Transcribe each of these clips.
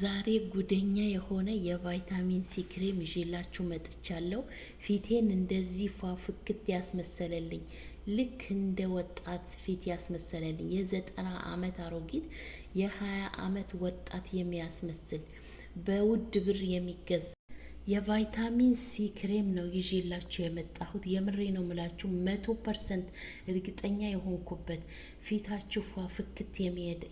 ዛሬ ጉደኛ የሆነ የቫይታሚን ሲ ክሬም ይዤላችሁ መጥቻለሁ። ፊቴን እንደዚህ ፏፍክት ያስመሰለልኝ ልክ እንደ ወጣት ፊት ያስመሰለልኝ የዘጠና አመት አሮጊት የሀያ አመት ወጣት የሚያስመስል በውድ ብር የሚገዛ የቫይታሚን ሲ ክሬም ነው ይዤላችሁ የመጣሁት። የምሬ ነው ምላችሁ መቶ ፐርሰንት እርግጠኛ የሆንኩበት ፊታችሁ ፏ ፍክት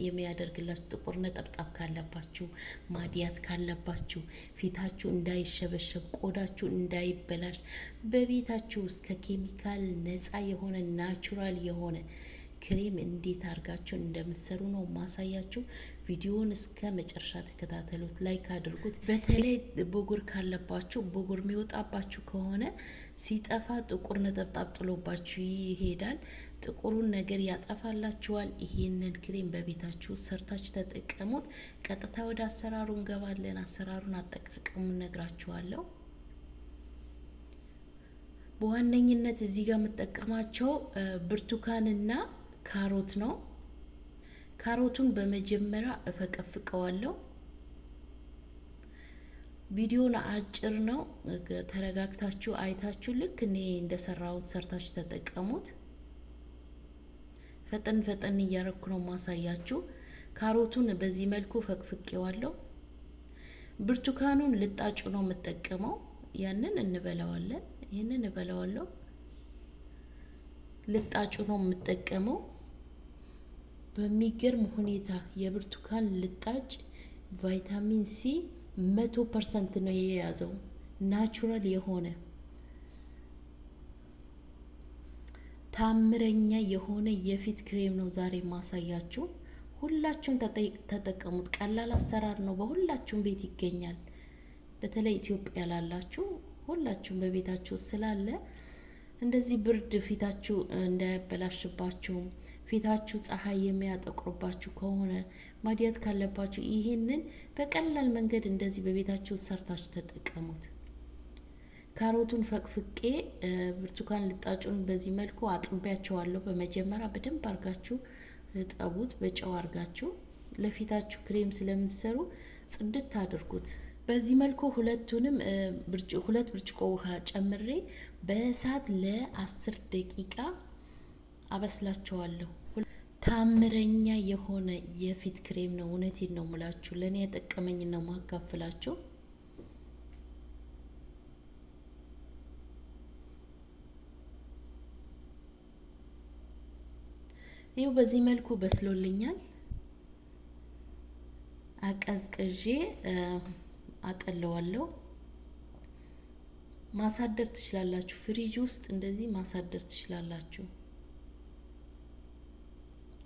የሚያደርግላችሁ ጥቁር ነጠብጣብ ካለባችሁ፣ ማዲያት ካለባችሁ ፊታችሁ እንዳይሸበሸብ፣ ቆዳችሁ እንዳይበላሽ በቤታችሁ ውስጥ ከኬሚካል ነፃ የሆነ ናቹራል የሆነ ክሬም እንዴት አድርጋችሁ እንደምትሰሩ ነው ማሳያችሁ። ቪዲዮን እስከ መጨረሻ ተከታተሉት፣ ላይክ አድርጉት። በተለይ ብጉር ካለባችሁ ብጉር የሚወጣባችሁ ከሆነ ሲጠፋ ጥቁር ነጠብጣብ ጥሎባችሁ ይሄዳል። ጥቁሩን ነገር ያጠፋላችኋል። ይሄንን ክሬም በቤታችሁ ሰርታችሁ ተጠቀሙት። ቀጥታ ወደ አሰራሩ እንገባለን። አሰራሩን አጠቃቀሙን ነግራችኋለሁ። በዋነኝነት እዚህ ጋር የምጠቀማቸው ብርቱካንና ካሮት ነው። ካሮቱን በመጀመሪያ እፈቀፍቀዋለሁ። ቪዲዮን አጭር ነው። ተረጋግታችሁ አይታችሁ ልክ እኔ እንደሰራሁት ሰርታችሁ ተጠቀሙት። ፈጠን ፈጠን እያረኩ ነው ማሳያችሁ። ካሮቱን በዚህ መልኩ ፈቅፍቄዋለሁ። ብርቱካኑን ልጣጩ ነው የምጠቀመው። ያንን እንበላዋለን። ይህንን እበላዋለሁ። ልጣጩ ነው የምጠቀመው። በሚገርም ሁኔታ የብርቱካን ልጣጭ ቫይታሚን ሲ መቶ ፐርሰንት ነው የያዘው ናቹራል የሆነ ታምረኛ የሆነ የፊት ክሬም ነው ዛሬ ማሳያችሁ። ሁላችሁም ተጠቀሙት። ቀላል አሰራር ነው፣ በሁላችሁም ቤት ይገኛል። በተለይ ኢትዮጵያ ላላችሁ ሁላችሁም በቤታችሁ ስላለ እንደዚህ ብርድ ፊታችሁ እንዳያበላሽባችሁም ፊታችሁ ፀሐይ የሚያጠቁርባችሁ ከሆነ ማድያት ካለባችሁ ይህንን በቀላል መንገድ እንደዚህ በቤታችሁ ሰርታችሁ ተጠቀሙት። ካሮቱን ፈቅፍቄ ብርቱካን ልጣጩን በዚህ መልኩ አጥቤያቸዋለሁ። በመጀመሪያ በደንብ አርጋችሁ ጠቡት፣ በጨው አርጋችሁ ለፊታችሁ ክሬም ስለምትሰሩ ጽድት አድርጉት። በዚህ መልኩ ሁለቱንም ሁለት ብርጭቆ ውሃ ጨምሬ በእሳት ለአስር ደቂቃ አበስላችኋለሁ። ታምረኛ የሆነ የፊት ክሬም ነው። እውነቴን ነው ሙላችሁ ለእኔ የጠቀመኝ ነው ማካፍላችሁ። ይው በዚህ መልኩ በስሎልኛል። አቀዝቅዤ አጠለዋለሁ። ማሳደር ትችላላችሁ። ፍሪጅ ውስጥ እንደዚህ ማሳደር ትችላላችሁ።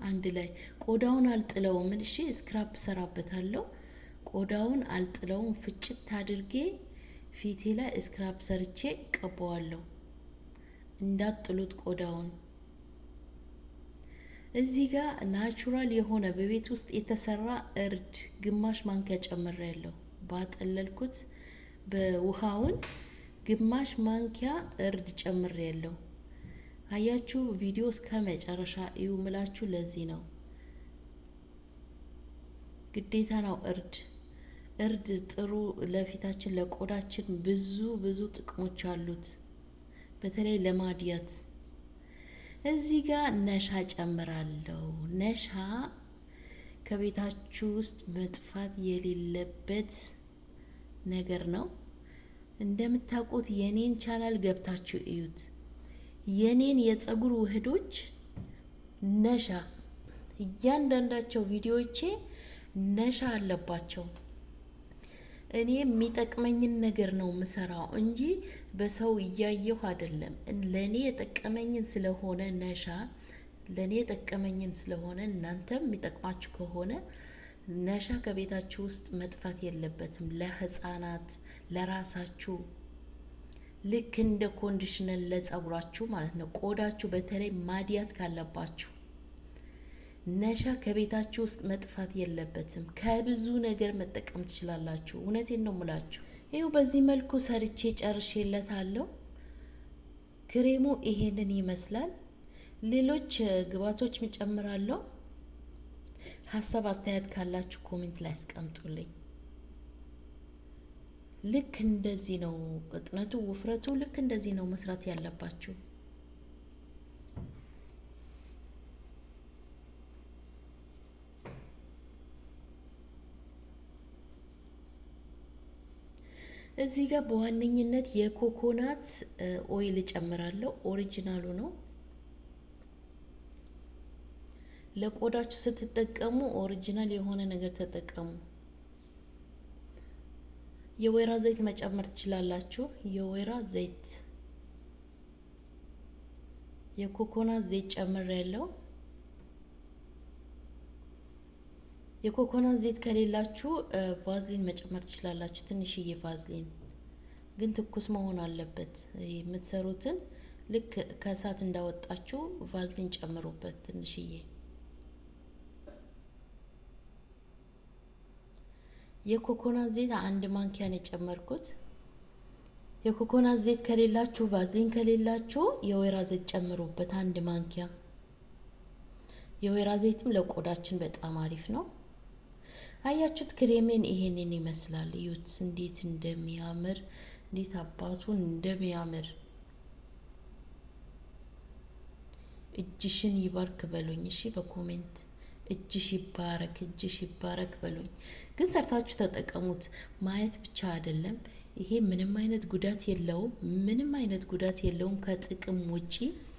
አንድ ላይ ቆዳውን አልጥለውም። እሺ ስክራፕ ሰራበታለሁ። ቆዳውን አልጥለውም። ፍጭት አድርጌ ፊቴ ላይ ስክራፕ ሰርቼ ቀባዋለሁ። እንዳትጥሉት ቆዳውን። እዚህ ጋር ናቹራል የሆነ በቤት ውስጥ የተሰራ እርድ ግማሽ ማንኪያ ጨምሬያለሁ። ባጠለልኩት በውሃውን ግማሽ ማንኪያ እርድ ጨምሬያለሁ። አያችሁ፣ ቪዲዮ እስከ መጨረሻ እዩ ምላችሁ ለዚህ ነው። ግዴታ ነው እርድ እርድ ጥሩ ለፊታችን ለቆዳችን ብዙ ብዙ ጥቅሞች አሉት። በተለይ ለማድያት እዚህ ጋር ነሻ ጨምራለሁ። ነሻ ከቤታችሁ ውስጥ መጥፋት የሌለበት ነገር ነው። እንደምታውቁት የኔን ቻናል ገብታችሁ እዩት። የኔን የፀጉር ውህዶች ነሻ እያንዳንዳቸው ቪዲዮዎቼ ነሻ አለባቸው። እኔ የሚጠቅመኝን ነገር ነው የምሰራው እንጂ በሰው እያየሁ አይደለም። ለእኔ የጠቀመኝን ስለሆነ ነሻ ለእኔ የጠቀመኝን ስለሆነ እናንተም የሚጠቅማችሁ ከሆነ ነሻ ከቤታችሁ ውስጥ መጥፋት የለበትም። ለህፃናት ለራሳችሁ ልክ እንደ ኮንዲሽነር ለጸጉራችሁ ማለት ነው። ቆዳችሁ በተለይ ማዲያት ካለባችሁ ነሻ ከቤታችሁ ውስጥ መጥፋት የለበትም። ከብዙ ነገር መጠቀም ትችላላችሁ። እውነቴን ነው ሙላችሁ። ይኸው በዚህ መልኩ ሰርቼ ጨርሼለታለሁ። ክሬሙ ይሄንን ይመስላል። ሌሎች ግብዓቶች ጨምራለሁ ሀሳብ አስተያየት ካላችሁ ኮሜንት ላይ አስቀምጡልኝ። ልክ እንደዚህ ነው ቅጥነቱ፣ ውፍረቱ ልክ እንደዚህ ነው መስራት ያለባችሁ። እዚህ ጋር በዋነኝነት የኮኮናት ኦይል እጨምራለሁ። ኦሪጂናሉ ነው። ለቆዳችሁ ስትጠቀሙ ኦሪጂናል የሆነ ነገር ተጠቀሙ። የወይራ ዘይት መጨመር ትችላላችሁ። የወይራ ዘይት የኮኮናት ዘይት ጨምር ያለው የኮኮናት ዘይት ከሌላችሁ ቫዝሊን መጨመር ትችላላችሁ። ትንሽዬ ቫዝሊን ግን ትኩስ መሆን አለበት። የምትሰሩትን ልክ ከእሳት እንዳወጣችሁ ቫዝሊን ጨምሩበት ትንሽዬ የኮኮናት ዘይት አንድ ማንኪያን የጨመርኩት። የኮኮናት ዘይት ከሌላችሁ ቫዝሊን ከሌላችሁ የወይራ ዘይት ጨምሩበት አንድ ማንኪያ። የወይራ ዘይትም ለቆዳችን በጣም አሪፍ ነው። አያችሁት? ክሬሜን ይሄንን ይመስላል። እዩት እንዴት እንደሚያምር እንዴት አባቱን እንደሚያምር እጅሽን ይባርክ በሉኝ። እሺ በኮሜንት እጅሽ ይባረክ፣ እጅሽ ይባረክ በሉኝ። ግን ሰርታችሁ ተጠቀሙት። ማየት ብቻ አይደለም፣ ይሄ ምንም አይነት ጉዳት የለውም። ምንም አይነት ጉዳት የለውም ከጥቅም ውጪ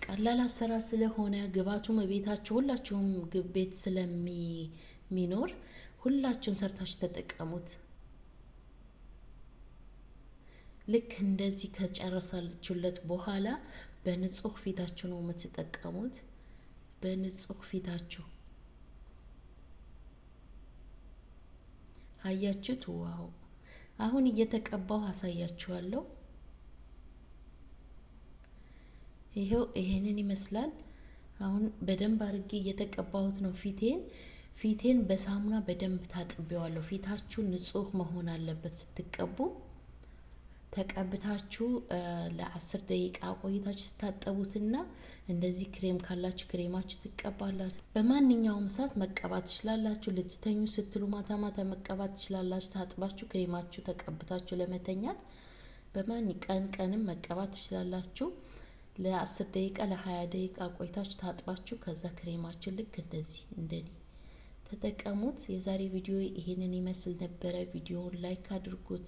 ቀላል አሰራር ስለሆነ ግብአቱም ቤታችሁ ሁላችሁም ግቤት ስለሚኖር ሁላችሁም ሰርታችሁ ተጠቀሙት። ልክ እንደዚህ ከጨረሳችሁለት በኋላ በንጹህ ፊታችሁ ነው የምትጠቀሙት። በንጹህ ፊታችሁ አያችሁት? ዋው! አሁን እየተቀባው አሳያችኋለሁ። ይሄው ይሄንን ይመስላል። አሁን በደንብ አድርጌ እየተቀባሁት ነው ፊቴን ፊቴን በሳሙና በደንብ ታጥቤዋለሁ። ፊታችሁ ንጹህ መሆን አለበት ስትቀቡ ተቀብታችሁ ለአስር ደቂቃ ቆይታችሁ ስታጠቡትና እንደዚህ ክሬም ካላችሁ ክሬማችሁ ትቀባላችሁ። በማንኛውም ሰዓት መቀባት ትችላላችሁ። ልትተኙ ስትሉ ማታ ማታ መቀባት ትችላላችሁ። ታጥባችሁ ክሬማችሁ ተቀብታችሁ ለመተኛት በማን ቀን ቀንም መቀባት ትችላላችሁ። ለአስር ደቂቃ ለሀያ ደቂቃ ቆይታችሁ ታጥባችሁ ከዛ ክሬማችሁ ልክ እንደዚህ እንደኔ ተጠቀሙት። የዛሬ ቪዲዮ ይሄንን ይመስል ነበረ። ቪዲዮውን ላይክ አድርጉት።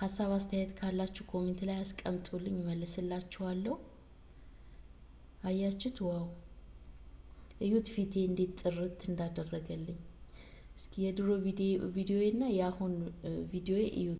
ሀሳብ አስተያየት ካላችሁ ኮሜንት ላይ አስቀምጡልኝ፣ እመልስላችኋለሁ። አያችሁት? ዋው! እዩት ፊቴ እንዴት ጥርት እንዳደረገልኝ። እስኪ የድሮ ቪዲዮዬ እና የአሁን ቪዲዮዬ እዩት።